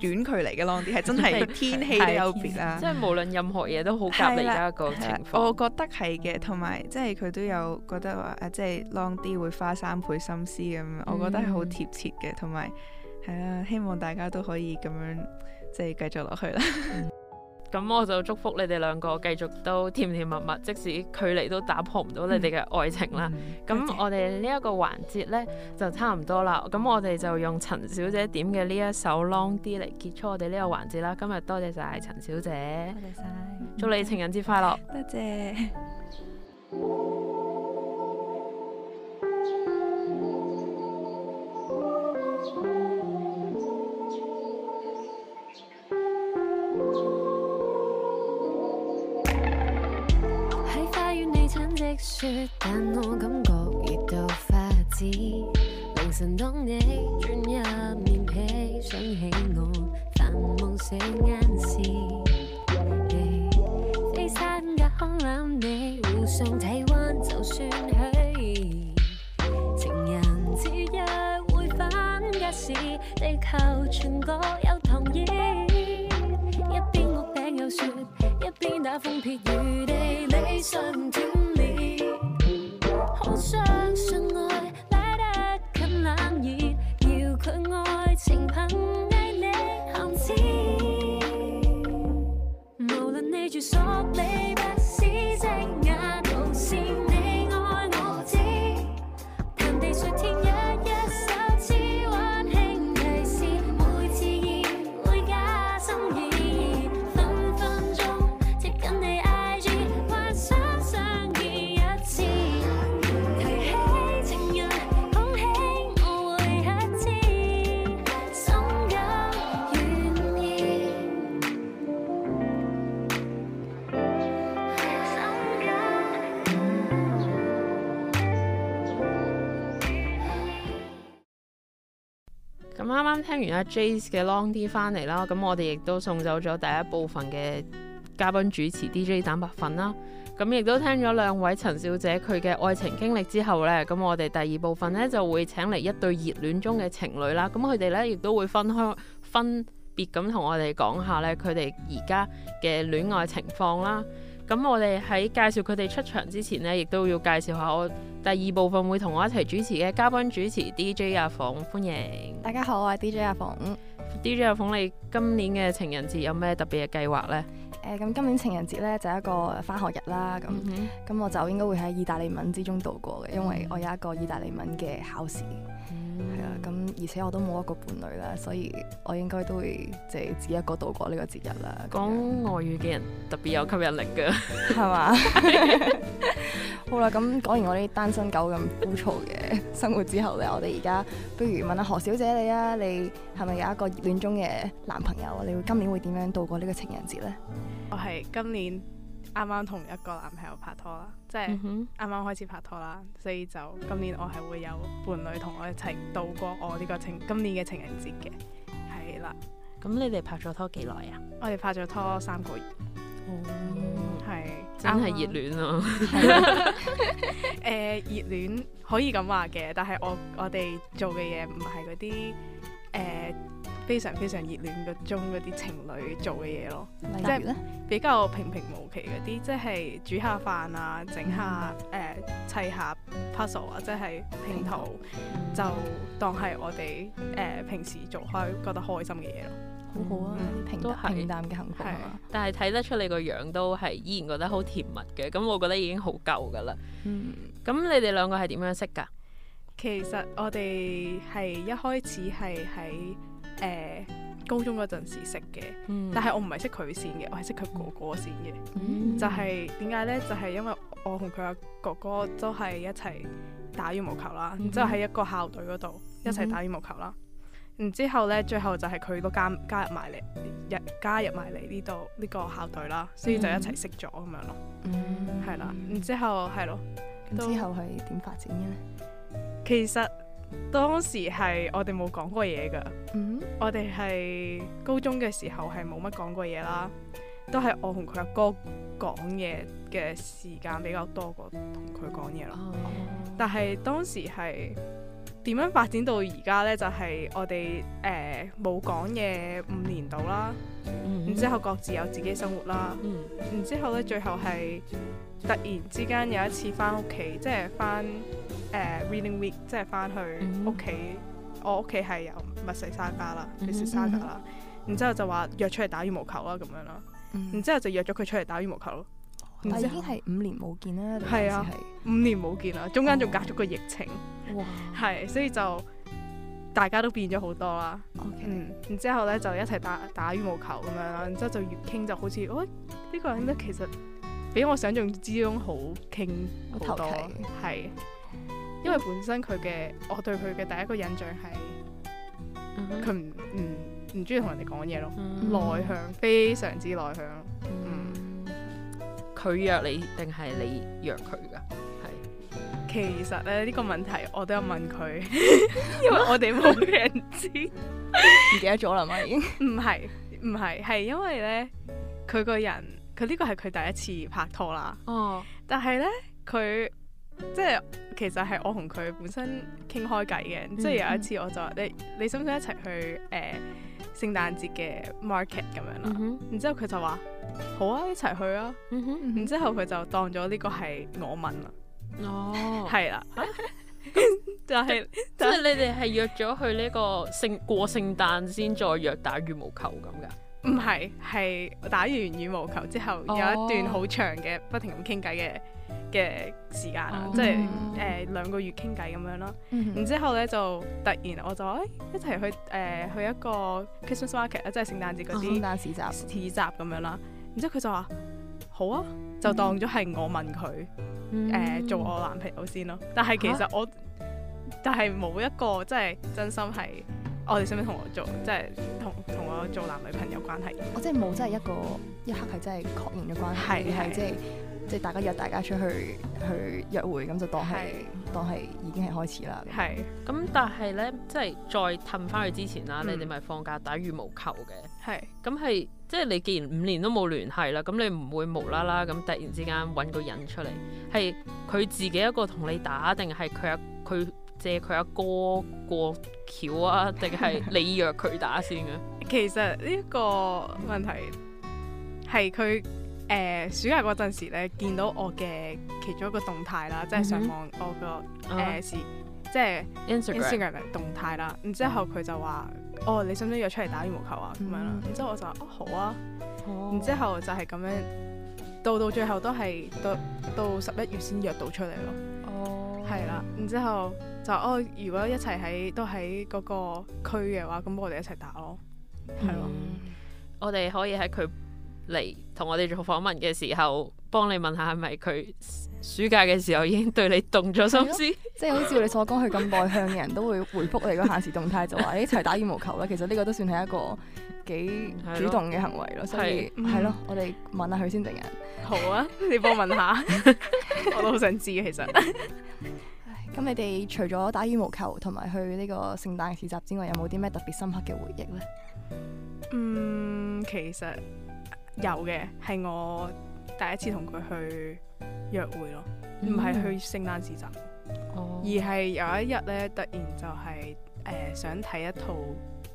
短距離嘅 long D 係真係天氣都有變啦， 即係無論任何嘢都好隔嘅而家個情況。我覺得係嘅，同埋即係佢都有覺得話誒，即係 long D 會花三倍心思咁樣，嗯、我覺得係好貼切嘅，同埋係啦，希望大家都可以咁樣即係、就是、繼續落去啦。嗯咁我就祝福你哋兩個繼續都甜甜蜜蜜，即使距離都打破唔到你哋嘅愛情啦。咁、嗯、我哋呢一個環節呢，就差唔多啦。咁我哋就用陳小姐點嘅呢一首 Long D 嚟結束我哋呢個環節啦。今日多謝晒陳小姐，多謝晒，祝你情人節快樂。多謝。多謝。雪，但我感覺熱到發紫。凌晨當你轉入棉被，想起我繁忙雙眼時，飛山隔空攬你，互送體温就算虛。情人節約會返家時，地球全個有糖衣一邊屋頂有雪，一邊打風撇雨，地理想。天。相信我。完阿 Jace 嘅 Long T 翻嚟啦，咁我哋亦都送走咗第一部分嘅嘉賓主持 DJ 蛋白粉啦，咁亦都聽咗兩位陳小姐佢嘅愛情經歷之後呢，咁我哋第二部分呢，就會請嚟一對熱戀中嘅情侶啦，咁佢哋呢，亦都會分開分別咁同我哋講下呢，佢哋而家嘅戀愛情況啦。咁我哋喺介紹佢哋出場之前呢，亦都要介紹下我第二部分會同我一齊主持嘅嘉賓主持 DJ 阿鳳，歡迎。大家好，我係 DJ 阿鳳。DJ 阿鳳，你今年嘅情人節有咩特別嘅計劃呢？誒、呃，咁今年情人節呢，就係一個返學日啦，咁咁、嗯、哼我就應該會喺意大利文之中度過嘅，因為我有一個意大利文嘅考試。嗯係啊，咁、嗯、而且我都冇一個伴侶啦，所以我應該都會就係自己一個度過呢個節日啦。講外語嘅人特別有吸引力㗎，係嘛？好啦，咁講完我啲單身狗咁枯燥嘅生活之後咧，我哋而家不如問下何小姐你啊，你係咪有一個熱戀中嘅男朋友啊？你會今年會點樣度過呢個情人節呢？我係今年。啱啱同一個男朋友拍拖啦，即係啱啱開始拍拖啦，所以就今年我係會有伴侶同我一齊度過我呢個情今年嘅情人節嘅，係啦。咁你哋拍咗拖幾耐啊？我哋拍咗拖三個月，係、嗯、係真係熱戀啊！誒，熱戀可以咁話嘅，但係我我哋做嘅嘢唔係嗰啲誒。呃非常非常熱戀嗰種嗰啲情侶做嘅嘢咯，呢即係比較平平無奇嗰啲，即係煮下飯啊，整下誒、呃、砌下 puzzle 啊，即係拼圖，就當係我哋誒、呃、平時做開覺得開心嘅嘢咯。好好啊，平淡平淡嘅幸福啊。但係睇得出你個樣都係依然覺得好甜蜜嘅，咁我覺得已經好夠噶啦。嗯，咁你哋兩個係點樣識㗎？其實我哋係一開始係喺。誒、呃、高中嗰陣時、嗯、識嘅，但係我唔係識佢先嘅，我係識佢哥哥先嘅。嗯、哼就係點解呢？就係、是、因為我同佢阿哥哥都係一齊打羽毛球啦，然之後喺一個校隊嗰度一齊打羽毛球啦。嗯、哼然之後呢，最後就係佢嗰間加入埋嚟，加入埋嚟呢度呢個校隊啦，所以就一齊識咗咁樣咯。係、嗯、哼啦，然之後係咯，之後係點發展嘅呢？其實。當時係我哋冇講過嘢噶，嗯、我哋係高中嘅時候係冇乜講過嘢啦，都係我同佢阿哥講嘢嘅時間比較多過同佢講嘢啦，oh, okay. 但係當時係。點樣發展到而家呢？就係、是、我哋誒冇講嘢五年度啦，mm hmm. 然之後各自有自己生活啦。Mm hmm. 然之後咧，最後係突然之間有一次返屋企，即係返誒 Reading Week，即係返去屋企。Mm hmm. 我屋企係有密西沙加啦，即、mm hmm. 是沙加啦。Mm hmm. 然之後就話約出嚟打羽毛球啦，咁樣啦。Mm hmm. 然之後就約咗佢出嚟打羽毛球咯。已經係五年冇見啦，係啊，係五年冇見啦，中間仲隔咗個疫情，係、oh. 所以就大家都變咗好多啦。Okay. 嗯，然之後咧就一齊打打羽毛球咁樣啦，然之後就越傾就好似，哎，呢、這個人咧其實比我想像之中好傾好多，係，因為本身佢嘅，我對佢嘅第一個印象係，佢唔唔唔中意同人哋講嘢咯，內、mm hmm. 向，非常之內向。Mm hmm. 嗯佢約你定係你約佢㗎？係，其實咧呢、呢個問題我都有問佢，嗯、 因為我哋冇人知， 唔記得咗啦嘛已經。唔係唔係，係因為咧佢個人，佢呢個係佢第一次拍拖啦。哦，但係咧佢即係其實係我同佢本身傾開偈嘅，即係、嗯、有一次我就話你你想唔想一齊去誒？呃聖誕節嘅 market 咁樣啦，mm hmm. 然之後佢就話：好啊，一齊去啊！Mm hmm. 然之後佢就當咗呢個係我問啦。哦，係啦，就係即係你哋係約咗去呢個聖過聖誕先，再約打羽毛球咁嘅。唔係，係打完羽毛球之後、oh. 有一段好長嘅不停咁傾偈嘅嘅時間、oh. 即係誒、呃、兩個月傾偈咁樣咯。Mm hmm. 然之後咧就突然我就誒、欸、一齊去誒、呃、去一個 Christmas market 即係聖誕節嗰啲、oh. 聖誕市集市集咁樣啦。然之後佢就話好啊，就當咗係我問佢誒、mm hmm. 呃、做我男朋友先咯。但係其實我 Huh? 但係冇一個真係真心係。我哋使唔使同我做，即係同同我做男女朋友關係？我真係冇，真係一個一刻係真係確認嘅關係，係 即係即係大家約大家出去去約會，咁就當係 當係已經係開始啦。係。咁 吧但係咧，即係再氹翻佢之前啦、啊，嗯、你哋咪放假打羽毛球嘅。係。咁 係即係你既然五年都冇聯繫啦，咁你唔會無啦啦咁突然之間揾個人出嚟，係佢自己一個同你打，定係佢佢？借佢阿哥過橋啊，定係你約佢打先嘅？其實呢個問題係佢誒暑假嗰陣時咧，見到我嘅其中一個動態啦，即係上網我個誒是即係 Instagram 嘅動態啦。然之後佢就話：哦，你想唔想約出嚟打羽毛球啊？咁樣啦。然之後我就話：哦，好啊。然之後就係咁樣到到最後都係到到十一月先約到出嚟咯。哦，係啦。然之後。就哦，如果一齊喺都喺嗰個區嘅話，咁我哋一齊打咯，係咯、嗯。吧我哋可以喺佢嚟同我哋做訪問嘅時候，幫你問下係咪佢暑假嘅時候已經對你動咗心思？即係好似你所講，佢咁內向嘅人都會回覆你個限時動態， 就話你一齊打羽毛球啦。其實呢個都算係一個幾主動嘅行為咯。吧所以係咯的，我哋問下佢先定人。好啊，你幫我問下， 我都好想知其實。咁你哋除咗打羽毛球同埋去呢個聖誕市集之外，有冇啲咩特別深刻嘅回憶呢？嗯，其實有嘅，係我第一次同佢去約會咯，唔係去聖誕市集，mm hmm. 而係有一日呢，突然就係、是、誒、呃、想睇一套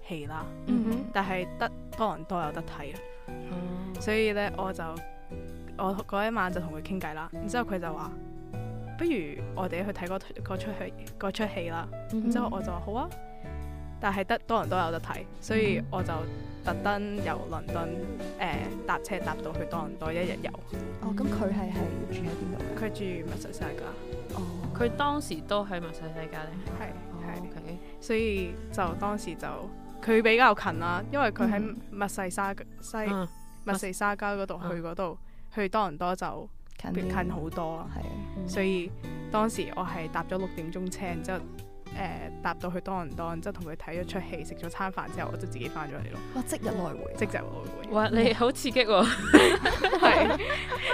戲啦，mm hmm. 但係得多人多有得睇，mm hmm. 所以呢，我就我嗰一晚就同佢傾偈啦，然之後佢就話。Mm hmm. 不如我哋去睇嗰出戲，那個，出戲啦，咁之，mm hmm. 後我就話好啊，但係得多倫多有得睇，所以我就特登由倫敦，誒、呃、搭車搭到去多倫多一日遊。Mm hmm. 哦，咁佢係喺住喺邊度？佢住密西沙加。哦是。佢當時都喺密西沙加咧。係。係。所以就當時就佢比較近啦，因為佢喺密西沙西密，啊，西沙加嗰度去嗰度，啊、去多倫多就。近近好多，係對，嗯、所以當時我係搭咗六點鐘車，然之後誒、呃、搭到去多倫多，然之後同佢睇咗齣戲，食咗餐飯之後，我就自己翻咗嚟咯。哇、啊，即日來回、啊、回，即日來回。哇，你好刺激喎！係，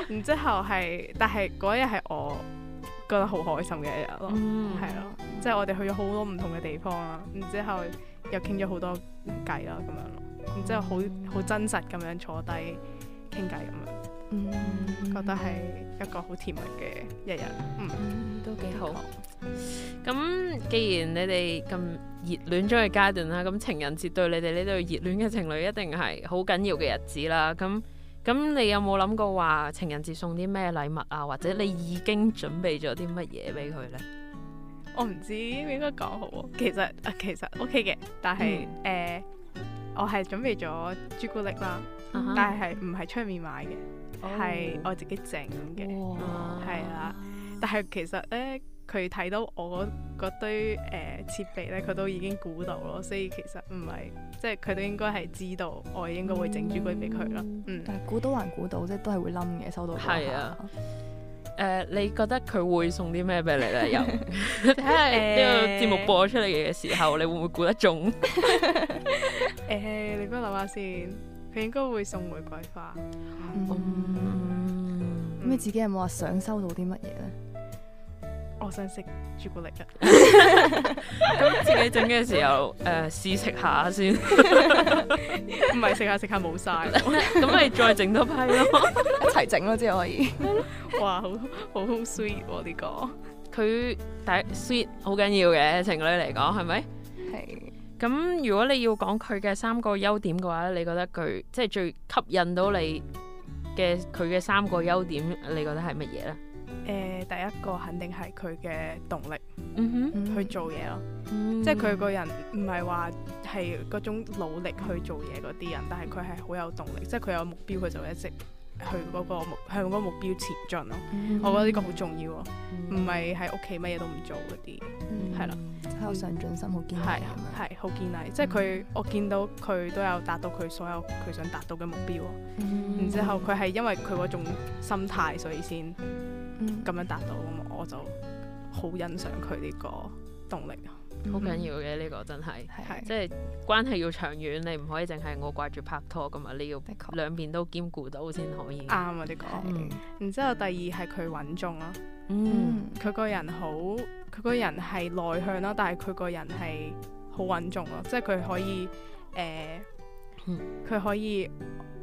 然之後係，但係嗰日係我覺得好開心嘅一日咯，係咯、嗯，即係、就是、我哋去咗好多唔同嘅地方啦，然之後又傾咗好多計啦，咁樣咯，然之後好好真實咁樣坐低傾偈咁樣。嗯，覺得係一個好甜蜜嘅一日，嗯，都幾好。咁既然你哋咁熱戀咗嘅階段啦，咁情人節對你哋呢對熱戀嘅情侶一定係好緊要嘅日子啦。咁咁你有冇諗過話情人節送啲咩禮物啊？或者你已經準備咗啲乜嘢俾佢呢？我唔知應該講好啊。其實啊，其實 OK 嘅，但係誒。我係準備咗朱古力啦，uh huh. 但係唔係出面買嘅，係、oh. 我自己整嘅，係哇啦。但係其實呢，佢睇到我嗰堆誒、呃、設備呢，佢都已經估到咯。所以其實唔係，即係佢都應該係知道我應該會整朱古力俾佢啦。嗯嗯、但係估到還估到，即係都係會冧嘅，收到嗰下，係啊。誒，uh，你覺得佢會送啲咩俾你咧？又睇下呢個節目播出嚟嘅時候，欸、你會唔會估得中？誒、 欸，你幫我諗下先想想，佢應該會送玫瑰花。咁你自己有冇話想收到啲乜嘢咧？我想食朱古力㗎咁 自己整嘅時候，誒、 呃，試食下先，唔係食下食下冇晒啦，咁 你 再整多批咯， 一齊整咯，先可以。 哇，好，好，好 sweet 喎，啊、呢、這個，佢， 但 sweet 好緊要嘅，情侶嚟講係咪？係。咁是如果你要講佢嘅三個優點嘅話咧，你覺得佢，即係最吸引到你嘅佢嘅三個優點，你覺得係乜嘢咧？誒，第一個肯定係佢嘅動力，去做嘢咯。即係佢個人唔係話係嗰種努力去做嘢嗰啲人，但係佢係好有動力，即係佢有目標，佢就一直去嗰個目向嗰個目標前進咯。我覺得呢個好重要，唔係喺屋企乜嘢都唔做嗰啲係啦。好上進心，好堅毅係係好堅毅，即係佢我見到佢都有達到佢所有佢想達到嘅目標。然之後佢係因為佢嗰種心態，所以先。咁、嗯、樣達到，咁我就好欣賞佢呢個動力好緊、嗯、要嘅呢，這個真係，係是即係關係要長遠，你唔可以淨係我掛住拍拖咁啊你要兩邊確都兼顧到先可以。啱啊呢、這個，嗯、然之後第二係佢穩重咯，嗯，佢個人好，佢個人係內向啦，但係佢個人係好穩重咯，嗯、即係佢可以，誒、呃，佢、嗯、可以。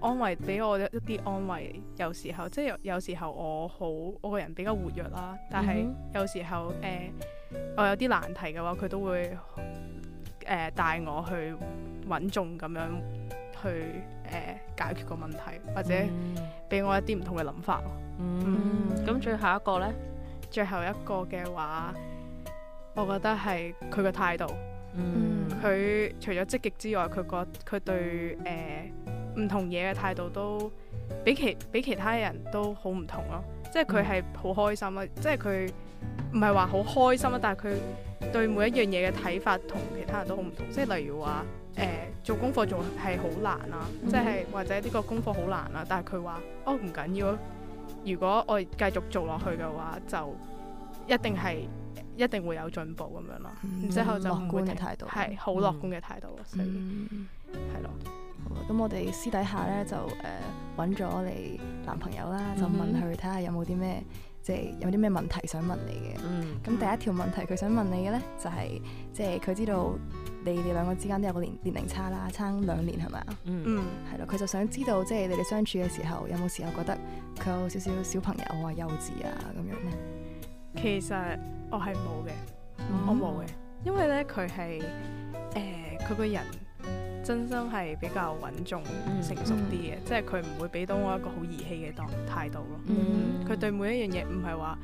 安慰俾我一啲安慰，有時候即係有有時候我好我個人比較活躍啦，但係有時候誒、呃、我有啲難題嘅話，佢都會誒帶、呃、我去穩重咁樣去誒、呃、解決個問題，或者俾我一啲唔同嘅諗法。咁、嗯嗯、最後一個呢，最後一個嘅話，我覺得係佢個態度，佢、嗯、除咗積極之外，佢個佢對誒。嗯呃唔同嘢嘅態度都比其比其他人都好唔同咯、啊，即係佢係好開心啊！嗯、即係佢唔係話好開心啊，但係佢對每一樣嘢嘅睇法同其他人都好唔同、啊。即係例如話誒、呃、做功課仲係好難啊，嗯、即係或者呢個功課好難啊，但、哦、係佢話哦唔緊要，如果我繼續做落去嘅話，就一定係一定會有進步咁樣咯。然之後就係好樂觀嘅態度咯，所以係咯。咁我哋私底下咧就誒揾咗你男朋友啦，mm hmm. 就問佢睇下有冇啲咩，即係有啲咩問題想問你嘅。咁、mm hmm. 第一條問題佢想問你嘅咧，就係即係佢知道你哋兩個之間都有個年年齡差啦，差兩年係咪啊？嗯，係咯、mm，佢、hmm. 就想知道即係你哋相處嘅時候有冇時候覺得佢有少少小朋友啊、幼稚啊咁樣咧？其實我係冇嘅，mm hmm. 我冇嘅，因為咧佢係誒佢個人。真心係比較穩重、嗯、成熟啲嘅，嗯、即係佢唔會俾到我一個好兒戲嘅當態度咯。佢、嗯、對每一樣嘢唔係話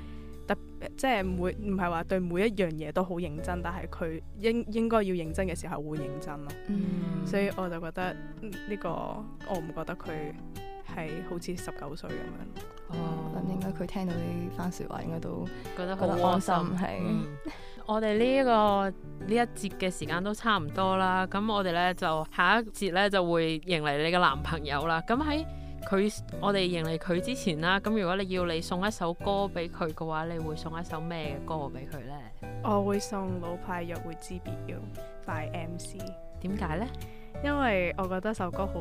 特，即係每唔係話對每一樣嘢都好認真，但係佢應應該要認真嘅時候會認真咯。嗯、所以我就覺得呢個我唔覺得佢係好似十九歲咁樣。哦、嗯，咁應該佢聽到啲番薯話應該都覺得覺得安心係。我哋呢、呢個呢一節嘅時間都差唔多啦，咁我哋咧就下一節咧就會迎嚟你嘅男朋友啦。咁喺佢，我哋迎嚟佢之前啦，咁如果你要你送一首歌俾佢嘅話，你會送一首咩歌俾佢呢？我會送《老派約會之必要》by M C。點解呢？因為我覺得首歌好誒，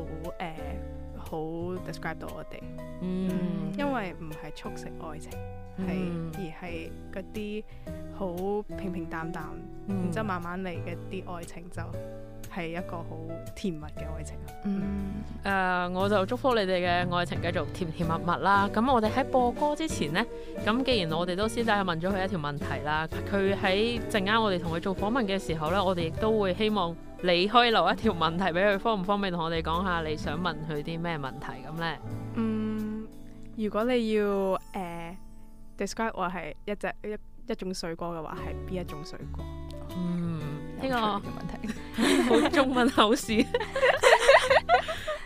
好、uh, describe 到我哋。嗯。因為唔係速食愛情，係、嗯、而係嗰啲。好平平淡淡，嗯、然之後慢慢嚟嘅啲愛情就係一個好甜蜜嘅愛情。嗯，誒，uh, 我就祝福你哋嘅愛情繼續甜甜蜜蜜啦。咁我哋喺播歌之前呢，咁既然我哋都先仔都問咗佢一條問題啦，佢喺陣間我哋同佢做訪問嘅時候呢，我哋亦都會希望你可以留一條問題俾佢，方唔方便同我哋講下你想問佢啲咩問題咁呢？嗯，如果你要誒、呃、describe 我係一隻一一種水果嘅話係邊一種水果？Oh, 嗯，呢個問題好這個笑中文口試。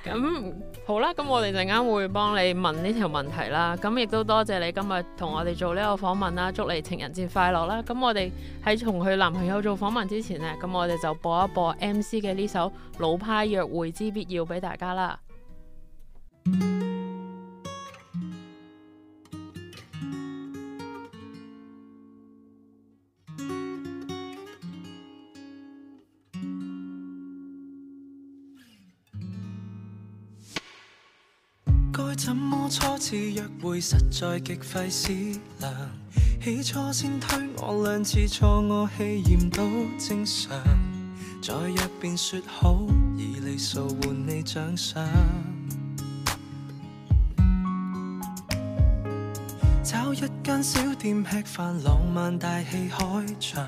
咁好啦，咁我哋陣間會幫你問呢條問題啦。咁亦都多謝你今日同我哋做呢個訪問啦，祝你情人節快樂啦！咁我哋喺同佢男朋友做訪問之前呢，咁我哋就播一播 MC 嘅呢首老派約會之必要俾大家啦。嗯該怎麼初次約會，實在極費思量。起初先推我兩次，挫我氣焰都正常。再約便説好，以禮數換你獎賞。找一間小店吃飯，浪漫大氣開場。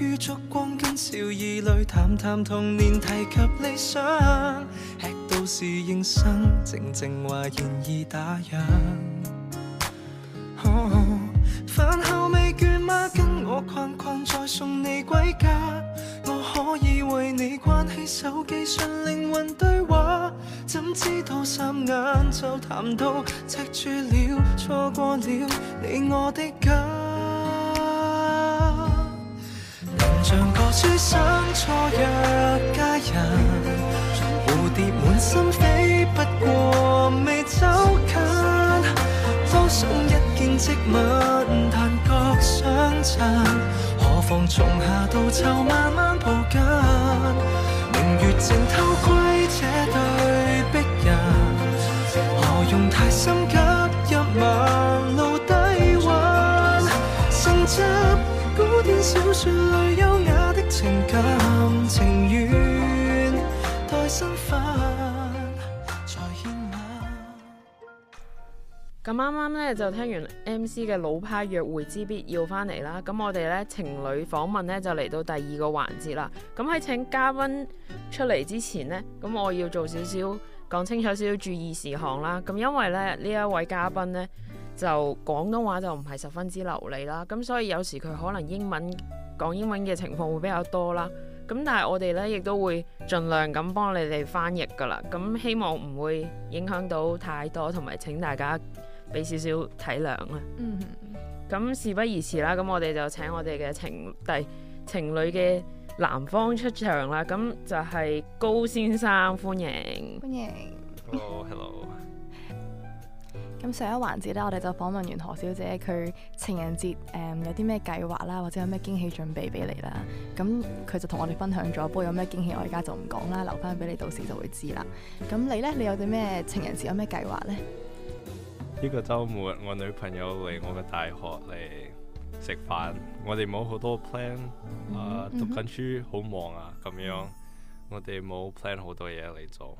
於燭光跟笑意裏談談童年，提及理想。都是應生靜靜話願意打烊。飯、oh, oh. 後未倦嗎？跟我逛逛再送你歸家。我可以為你關起手機，純靈魂對話。怎知道霎眼就談到，赤住了，錯過了你我的家。過未走近，多想一見即吻，但覺相襯，何妨從夏到秋慢慢抱緊，明月靜偷窺。咁啱啱呢就聽完 MC 嘅老派約會之必要翻嚟啦。咁我哋呢情侶訪問呢就嚟到第二個環節啦。咁喺請嘉賓出嚟之前呢，咁我要做少少講清楚少少注意事項啦。咁因為呢呢一位嘉賓呢，就廣東話就唔係十分之流利啦。咁所以有時佢可能英文講英文嘅情況會比較多啦。咁但係我哋呢亦都會盡量咁幫你哋翻譯噶啦。咁希望唔會影響到太多，同埋請大家。俾少少體諒啦。嗯哼，咁事不宜遲啦，咁我哋就請我哋嘅情第情侶嘅男方出場啦。咁就係高先生，歡迎。歡迎。Hello，hello Hello。咁 上一環節呢，我哋就訪問完何小姐，佢情人節誒、嗯、有啲咩計劃啦，或者有咩驚喜準備俾你啦。咁佢就同我哋分享咗，不過有咩驚喜我而家就唔講啦，留翻俾你到時就會知啦。咁你呢？你有啲咩情人節有咩計劃呢？呢個周末我女朋友嚟我嘅大學嚟食飯，我哋冇好多 plan、mm hmm. 呃、啊，讀緊書好忙啊咁樣，我哋冇 plan 好多嘢嚟做。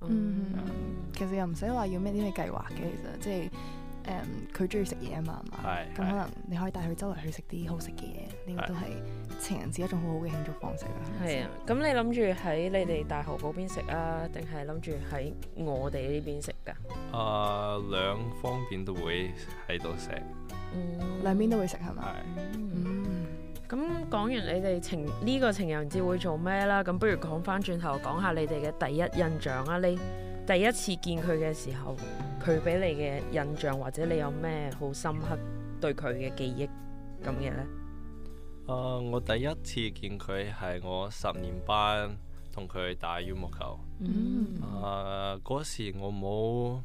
嗯、mm hmm. um，其實又唔使話要咩啲咩計劃嘅，其實即係。誒，佢中意食嘢啊嘛，係嘛係？咁 right? 可能你可以帶佢周圍去食啲好食嘅嘢，呢個都係情人節一種好好嘅慶祝方式啦。係啊，咁、啊、你諗住喺你哋大學嗰邊食啊，定係諗住喺我哋呢邊食㗎？啊、呃，兩方面都會喺度食。嗯，兩邊都會食係咪？嗯。咁講係、嗯、完你哋情呢、呢個情人節會做咩啦？咁不如講翻轉頭講下你哋嘅第一印象啊！你第一次見佢嘅時候。佢俾你嘅印象，或者你有咩好深刻對佢嘅記憶咁嘅呢？啊、呃，我第一次見佢係我十年班同佢打羽毛球。啊、mm，嗰、hmm. 呃、時我冇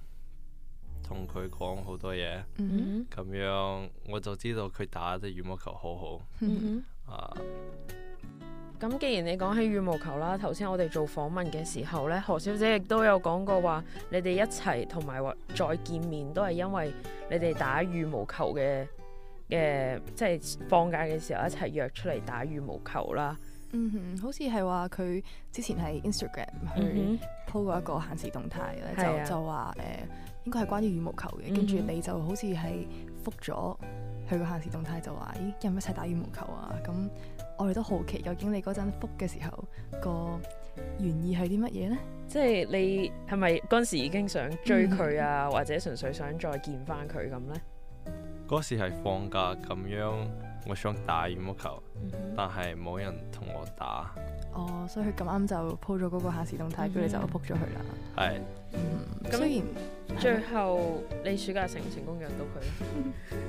同佢講好多嘢。嗯、mm。咁、hmm. 樣我就知道佢打得羽毛球好好。啊、mm。Hmm. 呃咁既然你講起羽毛球啦，頭先我哋做訪問嘅時候咧，何小姐亦都有講過話，你哋一齊同埋再見面都係因為你哋打羽毛球嘅。誒、呃，即、就、係、是、放假嘅時候一齊約出嚟，打羽毛球啦。嗯哼，好似係話佢之前喺 Instagram 去 po 過一個限時動態咧、嗯哼，就就話誒，應該係關於羽毛球嘅，跟住、嗯、哼你就好似係複咗佢個限時動態，就話咦，有冇一齊打羽毛球啊？咁。我哋都好奇究竟你嗰陣覆嘅時候，時候個原意係啲乜嘢呢？即係你係咪嗰時已經想追佢啊？嗯、或者純粹想再見翻佢咁呢？嗰時係放假咁樣，我想打羽毛球，嗯、但係冇人同我打。哦，所以佢咁啱就 po 咗嗰個限時動態，跟住、嗯、就覆咗佢啦。係，咁、嗯、雖然最後你暑假成唔成功約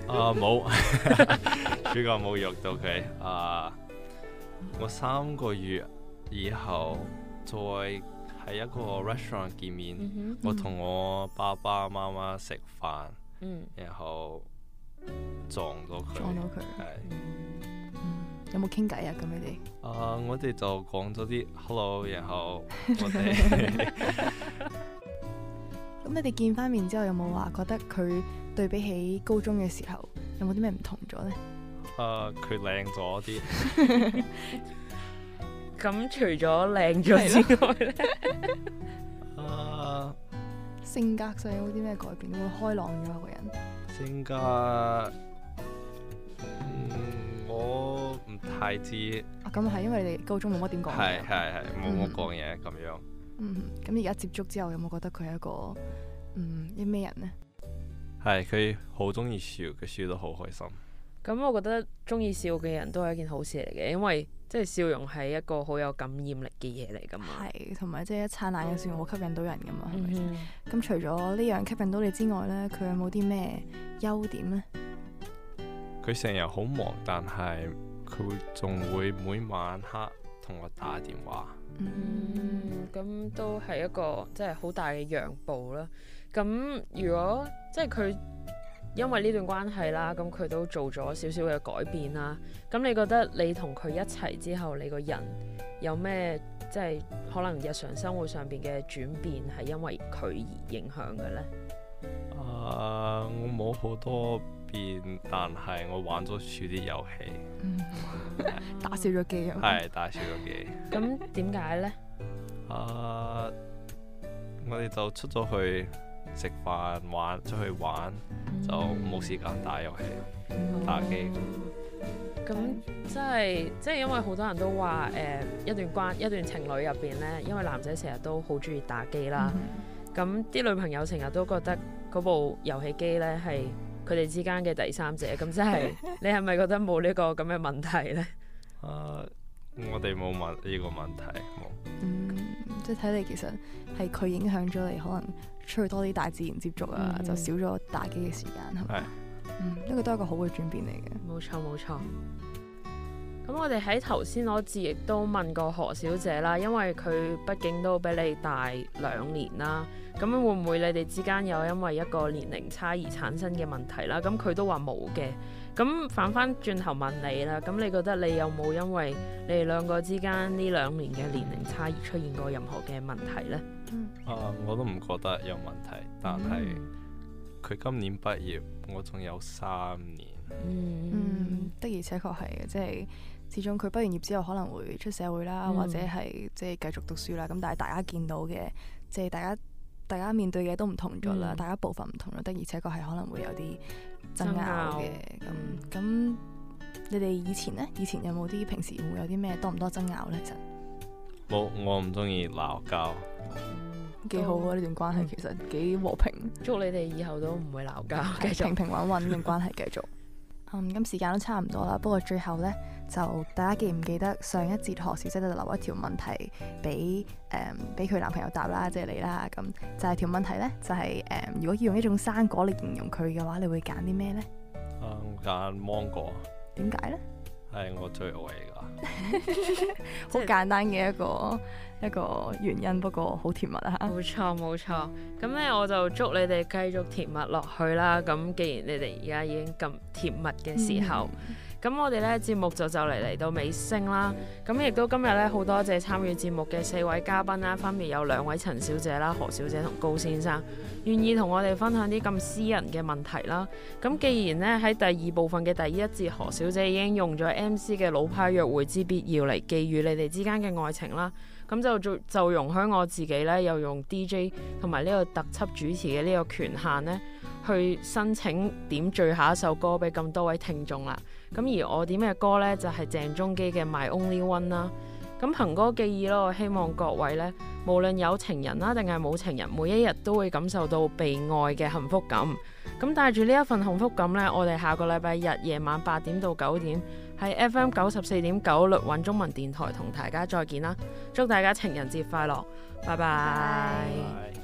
到佢？啊冇、uh，暑假冇約到佢啊。Uh, 我三個月以後再喺一個 restaurant 見面，嗯、哼我同我爸爸媽媽食飯，嗯、然後撞到佢，撞到佢，是嗯嗯嗯、有冇傾偈啊？咁你哋啊，我哋就講咗啲 hello，然後我哋咁你哋見翻面之後有冇話覺得佢對比起高中嘅時候有冇啲咩唔同咗呢？誒，佢靚咗啲。咁除咗靚咗之外咧，誒，性格上有冇啲咩改變？會開朗咗一個人？性格，嗯，我唔太知。啊，咁係因為你高中冇乜點講嘢。係係係，冇冇講嘢咁樣。嗯，咁而家接觸之後有冇覺得佢係一個嗯一咩人咧？係佢好中意笑，佢笑得好開心。咁、嗯、我覺得中意笑嘅人都係一件好事嚟嘅，因為即係笑容係一個好有感染力嘅嘢嚟噶嘛。係，同埋即係一燦爛嘅笑容好吸引到人噶嘛。係咪先？咁除咗呢樣吸引到你之外咧，佢有冇啲咩優點咧？佢成日好忙，但係佢會仲會每晚黑同我打電話。嗯，咁、嗯嗯嗯嗯、都係一個即係好大嘅讓步啦。咁如果即係佢。因為呢段關係啦，咁佢都做咗少少嘅改變啦。咁你覺得你同佢一齊之後，你個人有咩即係可能日常生活上邊嘅轉變係因為佢而影響嘅呢？啊、呃，我冇好多變，但係我玩咗少啲遊戲，嗯、 打少咗機啊！ 係打少咗機。咁點解呢？啊、呃，我哋就出咗去。食飯玩，出去玩、嗯、就冇時間打遊戲、嗯、打機。咁、嗯、即係即係，因為好多人都話誒、呃、一段關一段情侶入邊咧，因為男仔成日都好鍾意打機啦。咁啲、嗯、女朋友成日都覺得嗰部遊戲機咧係佢哋之間嘅第三者。咁即係你係咪覺得冇呢個咁嘅問題咧？誒，我哋冇問呢個問題冇。 uh, 題嗯，即係睇嚟，其實係佢影響咗你可能。出去多啲大自然接觸啊，嗯、就少咗打機嘅時間，係咪是？吧嗯，呢個都係一個好嘅轉變嚟嘅。冇錯，冇錯。咁我哋喺頭先嗰次亦都問過何小姐啦，因為佢畢竟都比你大兩年啦，咁會唔會你哋之間有因為一個年齡差而產生嘅問題啦？咁佢都話冇嘅。咁反翻轉頭問你啦，咁你覺得你有冇因為你哋兩個之間呢兩年嘅年齡差而出現過任何嘅問題呢？啊，我都唔覺得有問題，但係佢今年畢業，我仲有三年。嗯嗯，嗯的而且確係嘅，即係始終佢畢完業之後可能會出社會啦，嗯、或者係即係繼續讀書啦。咁但係大家見到嘅即係大家大家面對嘅都唔同咗啦，嗯、大家部分唔同啦，的而且確係可能會有啲爭拗嘅。咁咁拗，你哋以前呢？以前有冇啲平時會有啲咩多唔多爭拗呢？其實。冇，我唔中意鬧交。幾都好啊！呢段關係其實幾和平，祝你哋以後都唔會鬧交，繼續平平穩穩呢段關係繼續。 嗯，咁時間都差唔多啦，不過最後呢，就大家記唔記得上一節學小姐就留一條問題俾誒俾佢男朋友答啦，即係你啦，咁就係條問題呢，就係、是、誒、嗯，如果要用一種生果嚟形容佢嘅話，你會揀啲咩呢？誒、嗯，揀芒果。點解呢？係我最愛嚟噶，好 簡單嘅一個一個原因，不過好甜蜜啊！冇錯冇錯，咁咧我就祝你哋繼續甜蜜落去啦！咁既然你哋而家已經咁甜蜜嘅時候。嗯咁我哋咧節目就就嚟嚟到尾聲啦。咁亦都今日咧好多謝參與節目嘅四位嘉賓啦，分別有兩位陳小姐啦、何小姐同高先生，願意同我哋分享啲咁私人嘅問題啦。咁既然呢，喺第二部分嘅第一節，何小姐已經用咗 MC 嘅老派約會之必要嚟寄予你哋之間嘅愛情啦，咁就就就容許我自己咧，又用 DJ 同埋呢個特輯主持嘅呢個權限呢，去申請點最後一首歌俾咁多位聽眾啦。咁而我點嘅歌呢，就係鄭中基嘅《My Only One》啦。咁憑歌寄意咯，我希望各位呢，無論有情人啦，定係冇情人，每一日都會感受到被愛嘅幸福感。咁帶住呢一份幸福感呢，我哋下個禮拜日夜晚八點到九點喺 FM 九十四點九綠韻中文電台同大家再見啦！祝大家情人節快樂，拜拜。拜拜。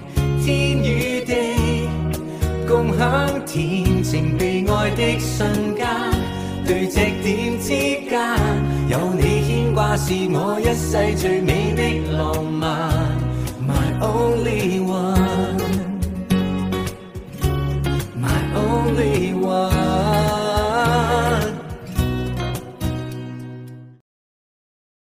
天與地共享甜情被愛的瞬間，對直點之間有你牽掛是我一世最美的浪漫。My only one。